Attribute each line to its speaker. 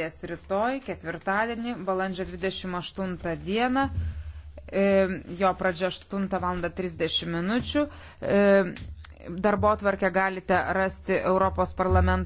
Speaker 1: Dės rytoj, ketvirtadienį, balandžio 28 dieną, e, jo pradžia 8 val. 30 minučių. E, darbo tvarkę galite rasti Europos parlamento.